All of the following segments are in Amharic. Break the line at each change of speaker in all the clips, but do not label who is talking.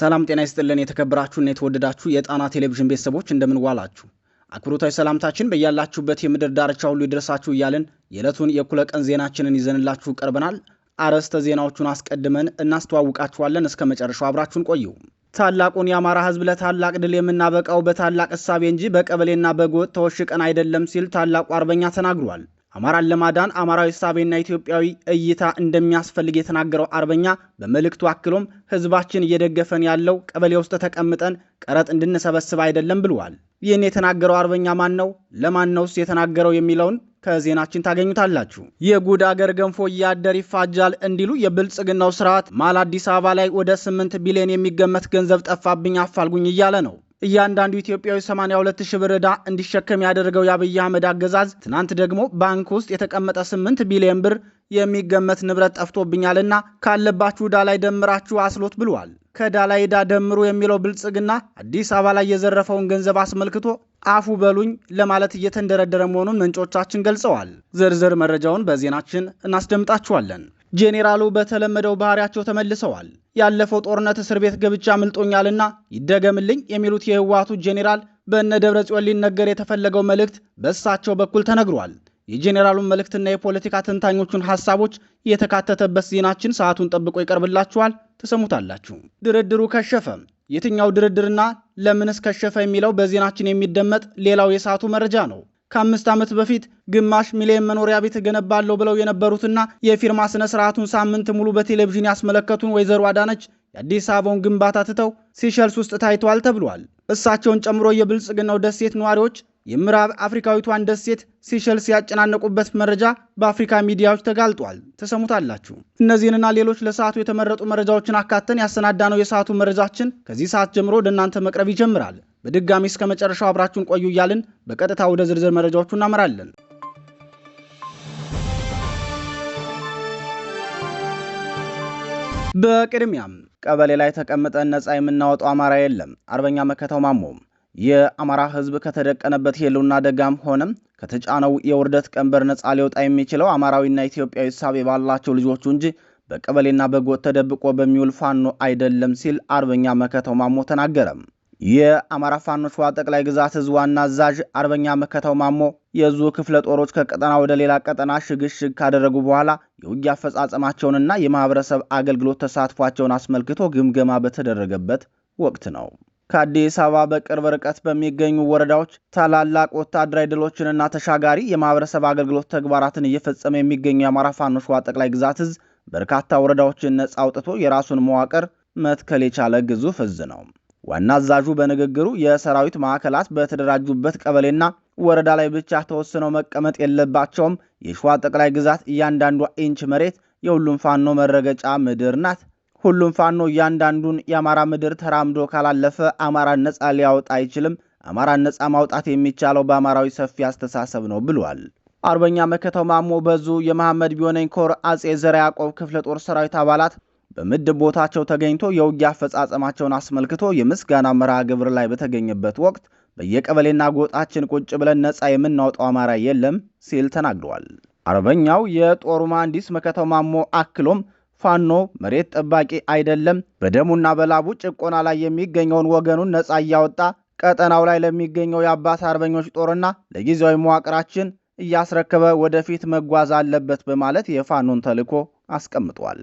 ሰላም ጤና ይስጥልን። የተከበራችሁና የተወደዳችሁ የጣና ቴሌቪዥን ቤተሰቦች እንደምንዋላችሁ፣ አክብሮታዊ ሰላምታችን በያላችሁበት የምድር ዳርቻ ሁሉ ይድረሳችሁ እያልን የዕለቱን የእኩለ ቀን ዜናችንን ይዘንላችሁ ቀርበናል። አርዕስተ ዜናዎቹን አስቀድመን እናስተዋውቃችኋለን። እስከ መጨረሻው አብራችሁን ቆዩ። ታላቁን የአማራ ሕዝብ ለታላቅ ድል የምናበቃው በታላቅ እሳቤ እንጂ በቀበሌና በጎጥ ተወሽቀን አይደለም ሲል ታላቁ አርበኛ ተናግሯል። አማራን ለማዳን አማራዊ ሳቤና ኢትዮጵያዊ እይታ እንደሚያስፈልግ የተናገረው አርበኛ በመልእክቱ አክሎም ህዝባችን እየደገፈን ያለው ቀበሌ ውስጥ ተቀምጠን ቀረጥ እንድንሰበስብ አይደለም ብለዋል። ይህን የተናገረው አርበኛ ማን ነው? ለማን ነውስ የተናገረው የሚለውን ከዜናችን ታገኙታላችሁ። የጉድ አገር ገንፎ እያደር ይፋጃል እንዲሉ የብልጽግናው ስርዓት ማል አዲስ አበባ ላይ ወደ ስምንት ቢሊዮን የሚገመት ገንዘብ ጠፋብኝ አፋልጉኝ እያለ ነው። እያንዳንዱ ኢትዮጵያዊ 82 ሺህ ብር ዕዳ እንዲሸከም ያደረገው የአብይ አህመድ አገዛዝ ትናንት ደግሞ ባንክ ውስጥ የተቀመጠ 8 ቢሊዮን ብር የሚገመት ንብረት ጠፍቶብኛልና ካለባችሁ ዕዳ ላይ ደምራችሁ አስሎት ብሏል። ከዕዳ ላይ ዕዳ ደምሩ የሚለው ብልጽግና አዲስ አበባ ላይ የዘረፈውን ገንዘብ አስመልክቶ አፉ በሉኝ ለማለት እየተንደረደረ መሆኑን ምንጮቻችን ገልጸዋል። ዝርዝር መረጃውን በዜናችን እናስደምጣችኋለን። ጄኔራሉ በተለመደው ባህሪያቸው ተመልሰዋል። ያለፈው ጦርነት እስር ቤት ገብቻ ምልጦኛልና ይደገምልኝ የሚሉት የህወሓቱ ጄኔራል በእነ ደብረ ጽዮን ሊነገር የተፈለገው መልእክት በእሳቸው በኩል ተነግሯል። የጄኔራሉን መልእክትና የፖለቲካ ተንታኞቹን ሀሳቦች የተካተተበት ዜናችን ሰዓቱን ጠብቆ ይቀርብላችኋል። ትሰሙታላችሁ። ድርድሩ ከሸፈ። የትኛው ድርድርና ለምንስ ከሸፈ የሚለው በዜናችን የሚደመጥ ሌላው የሰዓቱ መረጃ ነው። ከአምስት ዓመት በፊት ግማሽ ሚሊዮን መኖሪያ ቤት እገነባለሁ ብለው የነበሩትና የፊርማ ስነ ስርዓቱን ሳምንት ሙሉ በቴሌቪዥን ያስመለከቱን ወይዘሮ አዳነች የአዲስ አበባውን ግንባታ ትተው ሲሸልስ ውስጥ ታይተዋል ተብሏል። እሳቸውን ጨምሮ የብልጽግናው ደሴት ነዋሪዎች የምዕራብ አፍሪካዊቷን ደሴት ሲሸልስ ያጨናነቁበት መረጃ በአፍሪካ ሚዲያዎች ተጋልጧል። ተሰሙታላችሁ። እነዚህንና ሌሎች ለሰዓቱ የተመረጡ መረጃዎችን አካተን ያሰናዳነው የሰዓቱ መረጃችን ከዚህ ሰዓት ጀምሮ ወደ እናንተ መቅረብ ይጀምራል። በድጋሚ እስከ መጨረሻው አብራችሁን ቆዩ እያልን በቀጥታ ወደ ዝርዝር መረጃዎቹ እናመራለን። በቅድሚያም ቀበሌ ላይ ተቀምጠን ነፃ የምናወጣው አማራ የለም። አርበኛ መከተው ማሞ የአማራ ሕዝብ ከተደቀነበት የህልውና አደጋም ሆነም ከተጫነው የውርደት ቀንበር ነፃ ሊወጣ የሚችለው አማራዊና ኢትዮጵያዊ ሳቤ ባላቸው ልጆቹ እንጂ በቀበሌና በጎጥ ተደብቆ በሚውል ፋኖ አይደለም ሲል አርበኛ መከተው ማሞ ተናገረም። የአማራ ፋኖ ሸዋ ጠቅላይ ግዛት እዝ ዋና አዛዥ አርበኛ መከተው ማሞ የዙ ክፍለ ጦሮች ከቀጠና ወደ ሌላ ቀጠና ሽግሽግ ካደረጉ በኋላ የውጊ አፈጻጸማቸውንና የማህበረሰብ አገልግሎት ተሳትፏቸውን አስመልክቶ ግምገማ በተደረገበት ወቅት ነው። ከአዲስ አበባ በቅርብ ርቀት በሚገኙ ወረዳዎች ታላላቅ ወታደራዊ ድሎችንና ተሻጋሪ የማህበረሰብ አገልግሎት ተግባራትን እየፈጸመ የሚገኙ የአማራ ፋኖ ሸዋ ጠቅላይ ግዛት እዝ በርካታ ወረዳዎችን ነጻ አውጥቶ የራሱን መዋቅር መትከል የቻለ ግዙፍ እዝ ነው። ዋና አዛዡ በንግግሩ የሰራዊት ማዕከላት በተደራጁበት ቀበሌና ወረዳ ላይ ብቻ ተወስነው መቀመጥ የለባቸውም። የሸዋ ጠቅላይ ግዛት እያንዳንዷ ኢንች መሬት የሁሉም ፋኖ መረገጫ ምድር ናት። ሁሉም ፋኖ እያንዳንዱን የአማራ ምድር ተራምዶ ካላለፈ አማራን ነፃ ሊያወጣ አይችልም። አማራን ነፃ ማውጣት የሚቻለው በአማራዊ ሰፊ አስተሳሰብ ነው ብሏል። አርበኛ መከተው ማሞ በዙ የመሐመድ ቢሆነኝ ኮር አጼ ዘረ ያዕቆብ ክፍለ ጦር ሰራዊት አባላት በምድብ ቦታቸው ተገኝቶ የውጊያ አፈጻጸማቸውን አስመልክቶ የምስጋና መርሃ ግብር ላይ በተገኘበት ወቅት በየቀበሌና ጎጣችን ቁጭ ብለን ነፃ የምናወጣው አማራ የለም ሲል ተናግረዋል። አርበኛው የጦሩ መሐንዲስ መከተው ማሞ አክሎም ፋኖ መሬት ጠባቂ አይደለም፣ በደሙና በላቡ ጭቆና ላይ የሚገኘውን ወገኑን ነፃ እያወጣ ቀጠናው ላይ ለሚገኘው የአባት አርበኞች ጦርና ለጊዜያዊ መዋቅራችን እያስረከበ ወደፊት መጓዝ አለበት በማለት የፋኖን ተልዕኮ አስቀምጧል።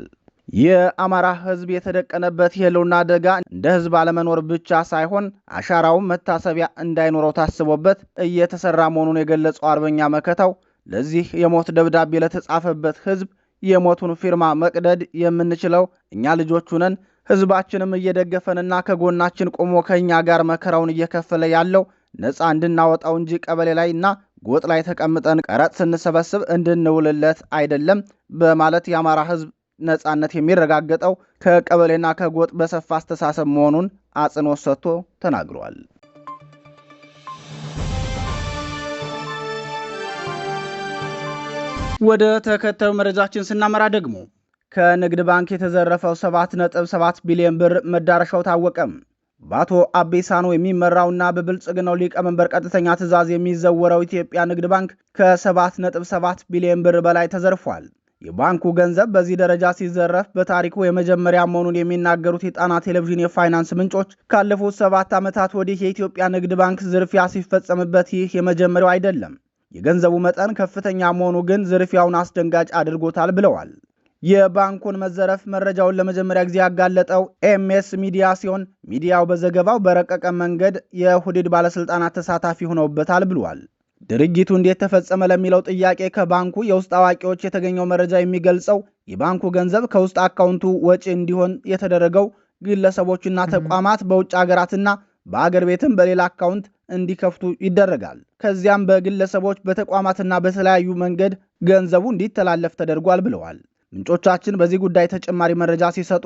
የአማራ ህዝብ የተደቀነበት የህልውና አደጋ እንደ ህዝብ አለመኖር ብቻ ሳይሆን አሻራውም መታሰቢያ እንዳይኖረው ታስቦበት እየተሰራ መሆኑን የገለጸው አርበኛ መከታው ለዚህ የሞት ደብዳቤ ለተጻፈበት ህዝብ የሞቱን ፊርማ መቅደድ የምንችለው እኛ ልጆቹ ነን። ህዝባችንም እየደገፈንና ከጎናችን ቆሞ ከእኛ ጋር መከራውን እየከፈለ ያለው ነፃ እንድናወጣው እንጂ ቀበሌ ላይ እና ጎጥ ላይ ተቀምጠን ቀረጥ ስንሰበስብ እንድንውልለት አይደለም በማለት የአማራ ህዝብ ነጻነት የሚረጋገጠው ከቀበሌና ከጎጥ በሰፋ አስተሳሰብ መሆኑን አጽንኦት ሰጥቶ ተናግሯል። ወደ ተከታዩ መረጃችን ስናመራ ደግሞ ከንግድ ባንክ የተዘረፈው 7.7 ቢሊዮን ብር መዳረሻው ታወቀም። በአቶ አቤሳኖ የሚመራውና በብልጽግናው ሊቀመንበር ቀጥተኛ ትዕዛዝ የሚዘወረው ኢትዮጵያ ንግድ ባንክ ከ7.7 ቢሊዮን ብር በላይ ተዘርፏል። የባንኩ ገንዘብ በዚህ ደረጃ ሲዘረፍ በታሪኩ የመጀመሪያ መሆኑን የሚናገሩት የጣና ቴሌቪዥን የፋይናንስ ምንጮች ካለፉት ሰባት ዓመታት ወዲህ የኢትዮጵያ ንግድ ባንክ ዝርፊያ ሲፈጸምበት ይህ የመጀመሪያው አይደለም። የገንዘቡ መጠን ከፍተኛ መሆኑ ግን ዝርፊያውን አስደንጋጭ አድርጎታል ብለዋል። የባንኩን መዘረፍ መረጃውን ለመጀመሪያ ጊዜ ያጋለጠው ኤምኤስ ሚዲያ ሲሆን ሚዲያው በዘገባው በረቀቀ መንገድ የሁዲድ ባለስልጣናት ተሳታፊ ሆነውበታል ብሏል። ድርጊቱ እንዴት ተፈጸመ ለሚለው ጥያቄ ከባንኩ የውስጥ አዋቂዎች የተገኘው መረጃ የሚገልጸው የባንኩ ገንዘብ ከውስጥ አካውንቱ ወጪ እንዲሆን የተደረገው ግለሰቦችና ተቋማት በውጭ ሀገራትና በአገር ቤትም በሌላ አካውንት እንዲከፍቱ ይደረጋል። ከዚያም በግለሰቦች በተቋማትና በተለያዩ መንገድ ገንዘቡ እንዲተላለፍ ተደርጓል ብለዋል። ምንጮቻችን በዚህ ጉዳይ ተጨማሪ መረጃ ሲሰጡ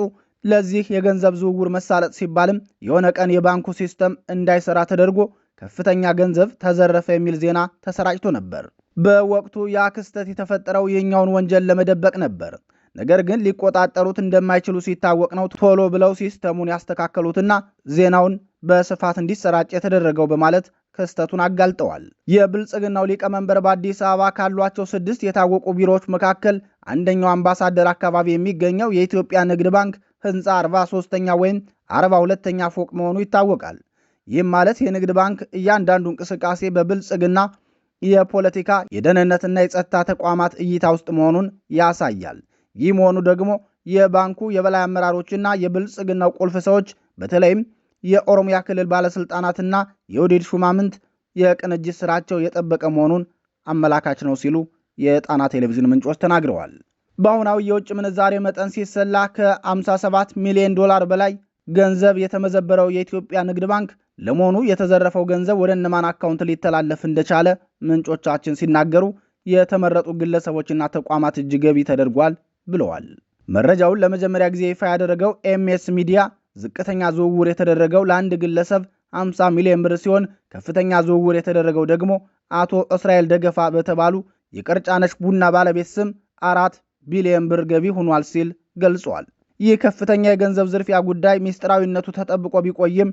ለዚህ የገንዘብ ዝውውር መሳለጥ ሲባልም የሆነ ቀን የባንኩ ሲስተም እንዳይሰራ ተደርጎ ከፍተኛ ገንዘብ ተዘረፈ የሚል ዜና ተሰራጭቶ ነበር። በወቅቱ ያ ክስተት የተፈጠረው የኛውን ወንጀል ለመደበቅ ነበር። ነገር ግን ሊቆጣጠሩት እንደማይችሉ ሲታወቅ ነው ቶሎ ብለው ሲስተሙን ያስተካከሉትና ዜናውን በስፋት እንዲሰራጭ የተደረገው በማለት ክስተቱን አጋልጠዋል። የብልጽግናው ሊቀመንበር በአዲስ አበባ ካሏቸው ስድስት የታወቁ ቢሮዎች መካከል አንደኛው አምባሳደር አካባቢ የሚገኘው የኢትዮጵያ ንግድ ባንክ ህንፃ 43ኛ ወይም 42ኛ ፎቅ መሆኑ ይታወቃል። ይህም ማለት የንግድ ባንክ እያንዳንዱ እንቅስቃሴ በብልጽግና የፖለቲካ የደህንነትና የጸጥታ ተቋማት እይታ ውስጥ መሆኑን ያሳያል። ይህ መሆኑ ደግሞ የባንኩ የበላይ አመራሮችና የብልጽግናው ቁልፍ ሰዎች በተለይም የኦሮሚያ ክልል ባለስልጣናትና የወዴድ ሹማምንት የቅንጅት ስራቸው የጠበቀ መሆኑን አመላካች ነው ሲሉ የጣና ቴሌቪዥን ምንጮች ተናግረዋል። በአሁናዊ የውጭ ምንዛሬ መጠን ሲሰላ ከ57 ሚሊዮን ዶላር በላይ ገንዘብ የተመዘበረው የኢትዮጵያ ንግድ ባንክ ለመሆኑ የተዘረፈው ገንዘብ ወደ እነማን አካውንት ሊተላለፍ እንደቻለ ምንጮቻችን ሲናገሩ የተመረጡ ግለሰቦችና ተቋማት እጅ ገቢ ተደርጓል ብለዋል። መረጃውን ለመጀመሪያ ጊዜ ይፋ ያደረገው ኤምኤስ ሚዲያ ዝቅተኛ ዝውውር የተደረገው ለአንድ ግለሰብ 50 ሚሊዮን ብር ሲሆን ከፍተኛ ዝውውር የተደረገው ደግሞ አቶ እስራኤል ደገፋ በተባሉ የቀርጫነሽ ቡና ባለቤት ስም አራት ቢሊዮን ብር ገቢ ሆኗል ሲል ገልጿል። ይህ ከፍተኛ የገንዘብ ዝርፊያ ጉዳይ ሚስጥራዊነቱ ተጠብቆ ቢቆይም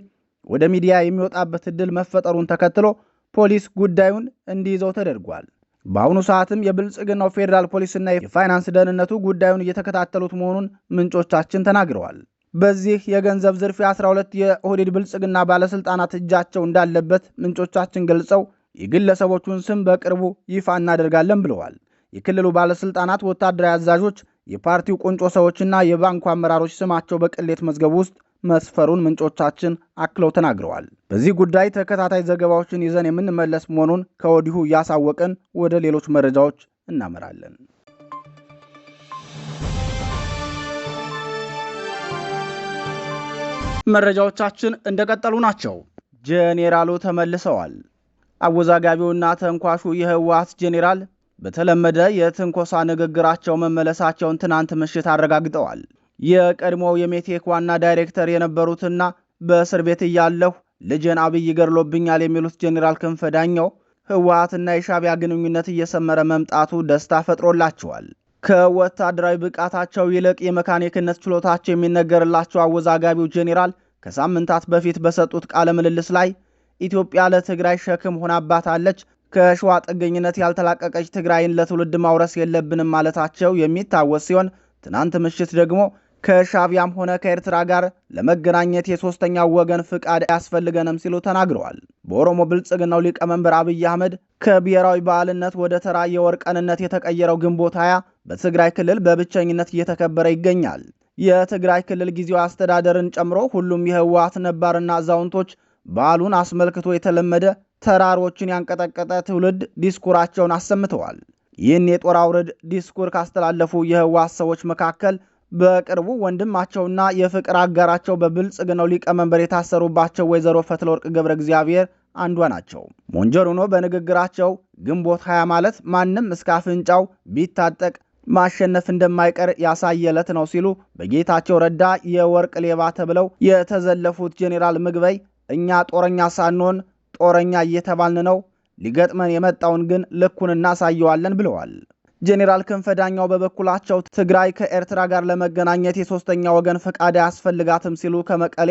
ወደ ሚዲያ የሚወጣበት ዕድል መፈጠሩን ተከትሎ ፖሊስ ጉዳዩን እንዲይዘው ተደርጓል። በአሁኑ ሰዓትም የብልጽግናው ፌዴራል ፖሊስና የፋይናንስ ደህንነቱ ጉዳዩን እየተከታተሉት መሆኑን ምንጮቻችን ተናግረዋል። በዚህ የገንዘብ ዝርፊያ 12 የኦህዴድ ብልጽግና ባለሥልጣናት እጃቸው እንዳለበት ምንጮቻችን ገልጸው የግለሰቦቹን ስም በቅርቡ ይፋ እናደርጋለን ብለዋል። የክልሉ ባለሥልጣናት፣ ወታደራዊ አዛዦች፣ የፓርቲው ቁንጮ ሰዎችና የባንኩ አመራሮች ስማቸው በቅሌት መዝገብ ውስጥ መስፈሩን ምንጮቻችን አክለው ተናግረዋል። በዚህ ጉዳይ ተከታታይ ዘገባዎችን ይዘን የምንመለስ መሆኑን ከወዲሁ እያሳወቅን ወደ ሌሎች መረጃዎች እናመራለን። መረጃዎቻችን እንደቀጠሉ ናቸው። ጄኔራሉ ተመልሰዋል። አወዛጋቢውና ተንኳሹ የህወሓት ጄኔራል በተለመደ የትንኮሳ ንግግራቸው መመለሳቸውን ትናንት ምሽት አረጋግጠዋል። የቀድሞው የሜቴክ ዋና ዳይሬክተር የነበሩትና በእስር ቤት እያለሁ ልጄን አብይ ገድሎብኛል የሚሉት ጄኔራል ክንፈ ዳኘው ህወሀትና የሻቢያ ግንኙነት እየሰመረ መምጣቱ ደስታ ፈጥሮላቸዋል። ከወታደራዊ ብቃታቸው ይልቅ የመካኒክነት ችሎታቸው የሚነገርላቸው አወዛጋቢው ጄኔራል ከሳምንታት በፊት በሰጡት ቃለ ምልልስ ላይ ኢትዮጵያ ለትግራይ ሸክም ሆናባታለች፣ ከሸዋ ጥገኝነት ያልተላቀቀች ትግራይን ለትውልድ ማውረስ የለብንም ማለታቸው የሚታወስ ሲሆን ትናንት ምሽት ደግሞ ከሻቢያም ሆነ ከኤርትራ ጋር ለመገናኘት የሶስተኛ ወገን ፍቃድ አያስፈልገንም ሲሉ ተናግረዋል። በኦሮሞ ብልጽግናው ሊቀመንበር አብይ አህመድ ከብሔራዊ በዓልነት ወደ ተራ የወርቀንነት የተቀየረው ግንቦት ሃያ በትግራይ ክልል በብቸኝነት እየተከበረ ይገኛል። የትግራይ ክልል ጊዜያዊ አስተዳደርን ጨምሮ ሁሉም የህወሓት ነባርና አዛውንቶች በዓሉን አስመልክቶ የተለመደ ተራሮችን ያንቀጠቀጠ ትውልድ ዲስኩራቸውን አሰምተዋል። ይህን የጦር አውርድ ዲስኩር ካስተላለፉ የህወሓት ሰዎች መካከል በቅርቡ ወንድማቸውና የፍቅር አጋራቸው በብልጽግናው ሊቀመንበር የታሰሩባቸው ወይዘሮ ፈትለወርቅ ገብረ እግዚአብሔር አንዷ ናቸው። ሆኖ በንግግራቸው ግንቦት ሀያ ማለት ማንም እስከ አፍንጫው ቢታጠቅ ማሸነፍ እንደማይቀር ያሳየለት ነው ሲሉ በጌታቸው ረዳ የወርቅ ሌባ ተብለው የተዘለፉት ጄኔራል ምግበይ እኛ ጦረኛ ሳንሆን ጦረኛ እየተባልን ነው፣ ሊገጥመን የመጣውን ግን ልኩን እናሳየዋለን ብለዋል። ጄኔራል ክንፈ ዳኛው በበኩላቸው ትግራይ ከኤርትራ ጋር ለመገናኘት የሶስተኛ ወገን ፈቃድ አያስፈልጋትም ሲሉ ከመቀሌ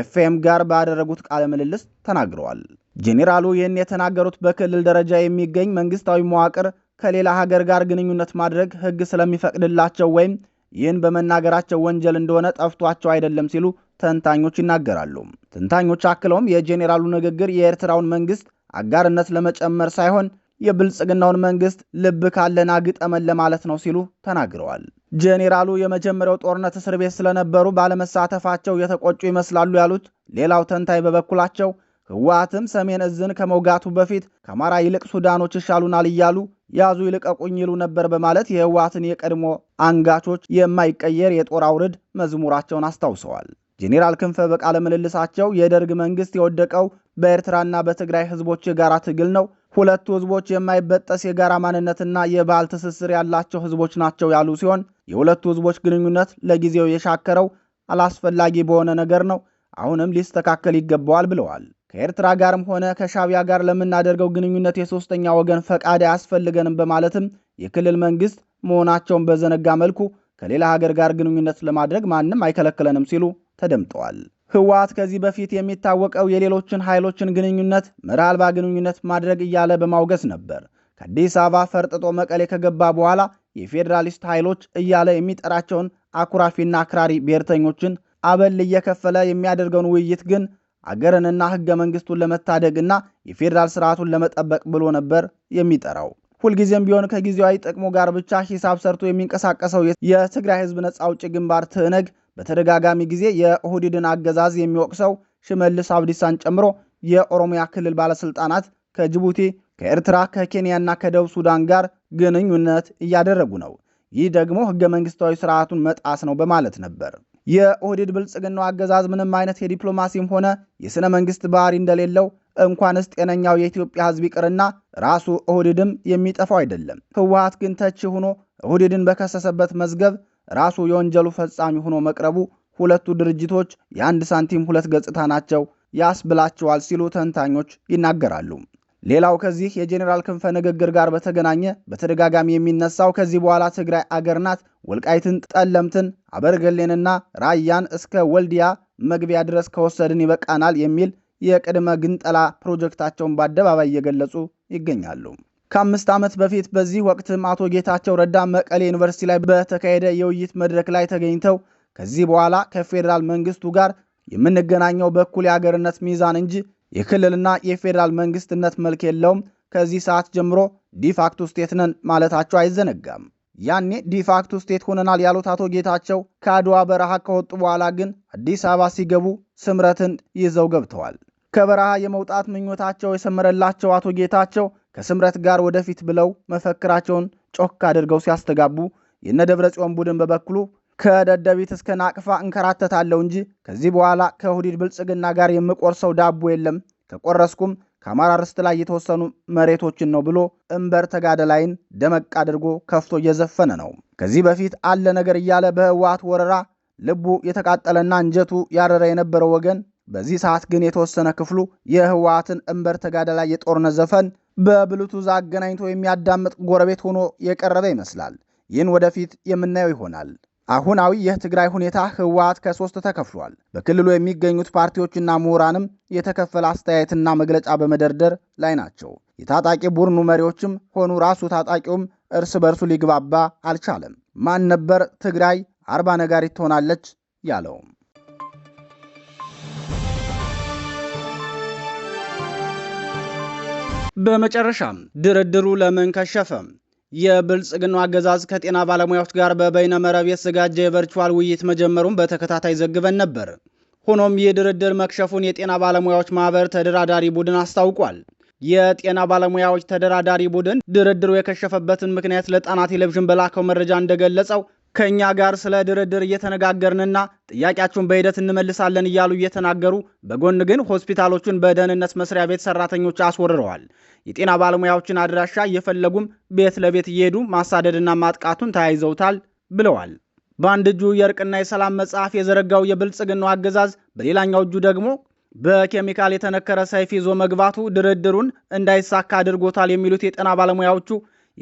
ኤፍኤም ጋር ባደረጉት ቃለ ምልልስ ተናግረዋል። ጄኔራሉ ይህን የተናገሩት በክልል ደረጃ የሚገኝ መንግስታዊ መዋቅር ከሌላ ሀገር ጋር ግንኙነት ማድረግ ህግ ስለሚፈቅድላቸው ወይም ይህን በመናገራቸው ወንጀል እንደሆነ ጠፍቷቸው አይደለም ሲሉ ተንታኞች ይናገራሉ። ተንታኞች አክለውም የጄኔራሉ ንግግር የኤርትራውን መንግስት አጋርነት ለመጨመር ሳይሆን የብልጽግናውን መንግስት ልብ ካለና ግጠመን ለማለት ነው ሲሉ ተናግረዋል። ጄኔራሉ የመጀመሪያው ጦርነት እስር ቤት ስለነበሩ ባለመሳተፋቸው የተቆጩ ይመስላሉ ያሉት ሌላው ተንታኝ በበኩላቸው ህወሓትም ሰሜን እዝን ከመውጋቱ በፊት ከአማራ ይልቅ ሱዳኖች ይሻሉናል እያሉ ያዙ ይልቀቁኝ ይሉ ነበር በማለት የህወሓትን የቀድሞ አንጋቾች የማይቀየር የጦር አውርድ መዝሙራቸውን አስታውሰዋል። ጄኔራል ክንፈ በቃለ ምልልሳቸው የደርግ መንግስት የወደቀው በኤርትራና በትግራይ ህዝቦች የጋራ ትግል ነው ሁለቱ ህዝቦች የማይበጠስ የጋራ ማንነትና የባህል ትስስር ያላቸው ህዝቦች ናቸው ያሉ ሲሆን የሁለቱ ህዝቦች ግንኙነት ለጊዜው የሻከረው አላስፈላጊ በሆነ ነገር ነው፣ አሁንም ሊስተካከል ይገባዋል ብለዋል። ከኤርትራ ጋርም ሆነ ከሻቢያ ጋር ለምናደርገው ግንኙነት የሶስተኛ ወገን ፈቃድ አያስፈልገንም በማለትም የክልል መንግስት መሆናቸውን በዘነጋ መልኩ ከሌላ ሀገር ጋር ግንኙነት ለማድረግ ማንም አይከለክለንም ሲሉ ተደምጠዋል። ህወሓት ከዚህ በፊት የሚታወቀው የሌሎችን ኃይሎችን ግንኙነት መርህ አልባ ግንኙነት ማድረግ እያለ በማውገዝ ነበር። ከአዲስ አበባ ፈርጥጦ መቀሌ ከገባ በኋላ የፌዴራሊስት ኃይሎች እያለ የሚጠራቸውን አኩራፊና አክራሪ ብሔርተኞችን አበል እየከፈለ የሚያደርገውን ውይይት ግን አገርንና ህገ መንግስቱን ለመታደግና የፌዴራል ስርዓቱን ለመጠበቅ ብሎ ነበር የሚጠራው። ሁልጊዜም ቢሆን ከጊዜያዊ ጥቅሙ ጋር ብቻ ሂሳብ ሰርቶ የሚንቀሳቀሰው የትግራይ ህዝብ ነጻ አውጪ ግንባር ትዕነግ በተደጋጋሚ ጊዜ የኦህዴድን አገዛዝ የሚወቅሰው ሽመልስ አብዲሳን ጨምሮ የኦሮሚያ ክልል ባለስልጣናት ከጅቡቲ፣ ከኤርትራ፣ ከኬንያና ከደቡብ ሱዳን ጋር ግንኙነት እያደረጉ ነው። ይህ ደግሞ ህገ መንግስታዊ ስርዓቱን መጣስ ነው በማለት ነበር። የኦህዴድ ብልጽግናው አገዛዝ ምንም አይነት የዲፕሎማሲም ሆነ የሥነ መንግስት ባህሪ እንደሌለው እንኳንስ ጤነኛው የኢትዮጵያ ህዝብ ይቅርና ራሱ ኦህዴድም የሚጠፋው አይደለም። ህወሀት ግን ተቺ ሆኖ ኦህዴድን በከሰሰበት መዝገብ ራሱ የወንጀሉ ፈጻሚ ሆኖ መቅረቡ ሁለቱ ድርጅቶች የአንድ ሳንቲም ሁለት ገጽታ ናቸው ያስብላቸዋል ሲሉ ተንታኞች ይናገራሉ። ሌላው ከዚህ የጄኔራል ክንፈ ንግግር ጋር በተገናኘ በተደጋጋሚ የሚነሳው ከዚህ በኋላ ትግራይ አገር ናት፣ ወልቃይትን፣ ጠለምትን፣ አበርገሌንና ራያን እስከ ወልዲያ መግቢያ ድረስ ከወሰድን ይበቃናል የሚል የቅድመ ግንጠላ ፕሮጀክታቸውን በአደባባይ እየገለጹ ይገኛሉ። ከአምስት ዓመት በፊት በዚህ ወቅትም አቶ ጌታቸው ረዳ መቀሌ ዩኒቨርሲቲ ላይ በተካሄደ የውይይት መድረክ ላይ ተገኝተው ከዚህ በኋላ ከፌዴራል መንግስቱ ጋር የምንገናኘው በኩል የአገርነት ሚዛን እንጂ የክልልና የፌዴራል መንግስትነት መልክ የለውም። ከዚህ ሰዓት ጀምሮ ዲፋክቶ ስቴት ነን ማለታቸው አይዘነጋም። ያኔ ዲፋክቶ ስቴት ሆነናል ያሉት አቶ ጌታቸው ከአድዋ በረሃ ከወጡ በኋላ ግን አዲስ አበባ ሲገቡ ስምረትን ይዘው ገብተዋል። ከበረሃ የመውጣት ምኞታቸው የሰመረላቸው አቶ ጌታቸው ከስምረት ጋር ወደፊት ብለው መፈክራቸውን ጮክ አድርገው ሲያስተጋቡ የነ ደብረ ጽዮን ቡድን በበኩሉ ከደደቢት እስከ ናቅፋ እንከራተታለሁ እንጂ ከዚህ በኋላ ከሁዲድ ብልጽግና ጋር የምቆርሰው ዳቦ የለም፣ ከቆረስኩም ከአማራ ርስት ላይ የተወሰኑ መሬቶችን ነው ብሎ እምበር ላይን ደመቅ አድርጎ ከፍቶ እየዘፈነ ነው። ከዚህ በፊት አለ ነገር እያለ በህወሓት ወረራ ልቡ የተቃጠለና እንጀቱ ያረረ የነበረው ወገን በዚህ ሰዓት ግን የተወሰነ ክፍሉ የህወሓትን እምበር ላይ የጦርነት ዘፈን በብሉቱዝ አገናኝቶ የሚያዳምጥ ጎረቤት ሆኖ የቀረበ ይመስላል። ይህን ወደፊት የምናየው ይሆናል። አሁናዊ የትግራይ ሁኔታ ህወሓት ከሶስት ተከፍሏል። በክልሉ የሚገኙት ፓርቲዎችና ምሁራንም የተከፈለ አስተያየትና መግለጫ በመደርደር ላይ ናቸው። የታጣቂ ቡድኑ መሪዎችም ሆኑ ራሱ ታጣቂውም እርስ በርሱ ሊግባባ አልቻለም። ማን ነበር ትግራይ አርባ ነጋሪት ትሆናለች ያለው? በመጨረሻም ድርድሩ ለምን ከሸፈ? የብልጽግናው አገዛዝ ከጤና ባለሙያዎች ጋር በበይነ መረብ የተዘጋጀ የቨርቹዋል ውይይት መጀመሩን በተከታታይ ዘግበን ነበር። ሆኖም ይህ ድርድር መክሸፉን የጤና ባለሙያዎች ማህበር ተደራዳሪ ቡድን አስታውቋል። የጤና ባለሙያዎች ተደራዳሪ ቡድን ድርድሩ የከሸፈበትን ምክንያት ለጣና ቴሌቪዥን በላከው መረጃ እንደገለጸው ከእኛ ጋር ስለ ድርድር እየተነጋገርንና ጥያቄያችሁን በሂደት እንመልሳለን እያሉ እየተናገሩ በጎን ግን ሆስፒታሎቹን በደህንነት መስሪያ ቤት ሰራተኞች አስወርረዋል። የጤና ባለሙያዎችን አድራሻ እየፈለጉም ቤት ለቤት እየሄዱ ማሳደድና ማጥቃቱን ተያይዘውታል ብለዋል። በአንድ እጁ የእርቅና የሰላም መጽሐፍ የዘረጋው የብልጽግናው አገዛዝ በሌላኛው እጁ ደግሞ በኬሚካል የተነከረ ሰይፍ ይዞ መግባቱ ድርድሩን እንዳይሳካ አድርጎታል የሚሉት የጤና ባለሙያዎቹ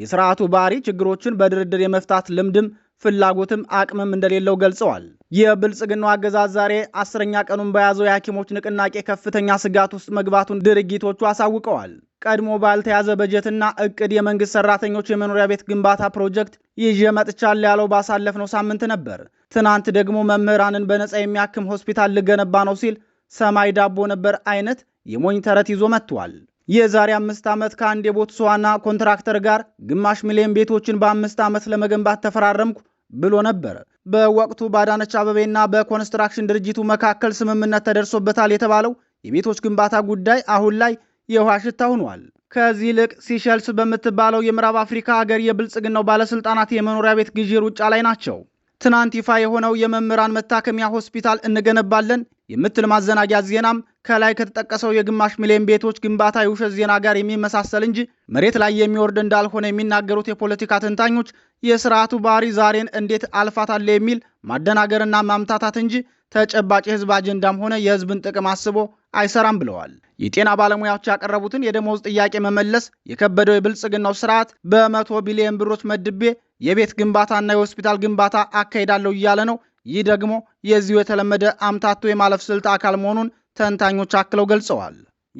የስርዓቱ ባህሪ ችግሮችን በድርድር የመፍታት ልምድም ፍላጎትም አቅምም እንደሌለው ገልጸዋል። የብልጽግናው አገዛዝ ዛሬ አስረኛ ቀኑን በያዘው የሐኪሞች ንቅናቄ ከፍተኛ ስጋት ውስጥ መግባቱን ድርጊቶቹ አሳውቀዋል። ቀድሞ ባልተያዘ በጀትና እቅድ የመንግስት ሰራተኞች የመኖሪያ ቤት ግንባታ ፕሮጀክት ይዤ መጥቻለሁ ያለው ባሳለፍነው ሳምንት ነበር። ትናንት ደግሞ መምህራንን በነፃ የሚያክም ሆስፒታል ልገነባ ነው ሲል ሰማይ ዳቦ ነበር አይነት የሞኝ ተረት ይዞ መጥቷል። የዛሬ አምስት ዓመት ከአንድ የቦትስዋና ኮንትራክተር ጋር ግማሽ ሚሊዮን ቤቶችን በአምስት ዓመት ለመገንባት ተፈራረምኩ ብሎ ነበር። በወቅቱ በአዳነች አበቤና በኮንስትራክሽን ድርጅቱ መካከል ስምምነት ተደርሶበታል የተባለው የቤቶች ግንባታ ጉዳይ አሁን ላይ የውሃ ሽታ ሆኗል። ከዚህ ይልቅ ሲሸልስ በምትባለው የምዕራብ አፍሪካ ሀገር የብልጽግናው ባለስልጣናት የመኖሪያ ቤት ግዢ ሩጫ ላይ ናቸው። ትናንት ይፋ የሆነው የመምህራን መታከሚያ ሆስፒታል እንገነባለን የምትል ማዘናጊያ ዜናም ከላይ ከተጠቀሰው የግማሽ ሚሊዮን ቤቶች ግንባታ የውሸት ዜና ጋር የሚመሳሰል እንጂ መሬት ላይ የሚወርድ እንዳልሆነ የሚናገሩት የፖለቲካ ተንታኞች የስርዓቱ ባህሪ ዛሬን እንዴት አልፋታለ የሚል ማደናገርና ማምታታት እንጂ ተጨባጭ የህዝብ አጀንዳም ሆነ የህዝብን ጥቅም አስቦ አይሰራም ብለዋል። የጤና ባለሙያዎች ያቀረቡትን የደሞዝ ጥያቄ መመለስ የከበደው የብልጽግናው ስርዓት በመቶ ቢሊዮን ብሮች መድቤ የቤት ግንባታና የሆስፒታል ግንባታ አካሄዳለሁ እያለ ነው። ይህ ደግሞ የዚሁ የተለመደ አምታቶ የማለፍ ስልት አካል መሆኑን ተንታኞች አክለው ገልጸዋል።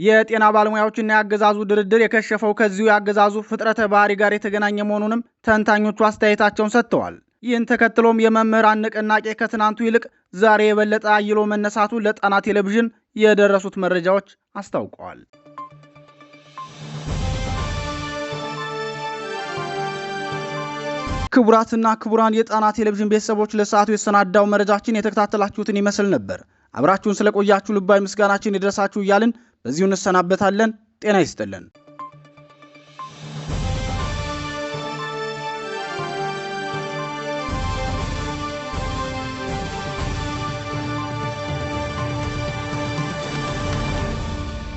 የጤና ባለሙያዎችና የአገዛዙ ድርድር የከሸፈው ከዚሁ የአገዛዙ ፍጥረተ ባህሪ ጋር የተገናኘ መሆኑንም ተንታኞቹ አስተያየታቸውን ሰጥተዋል። ይህን ተከትሎም የመምህራን ንቅናቄ ከትናንቱ ይልቅ ዛሬ የበለጠ አይሎ መነሳቱ ለጣና ቴሌቪዥን የደረሱት መረጃዎች አስታውቀዋል። ክቡራትና ክቡራን የጣና ቴሌቪዥን ቤተሰቦች ለሰዓቱ የሰናዳው መረጃችን የተከታተላችሁትን ይመስል ነበር። አብራችሁን ስለቆያችሁ ልባዊ ምስጋናችን ይድረሳችሁ እያልን በዚሁ እንሰናበታለን። ጤና ይስጥልን።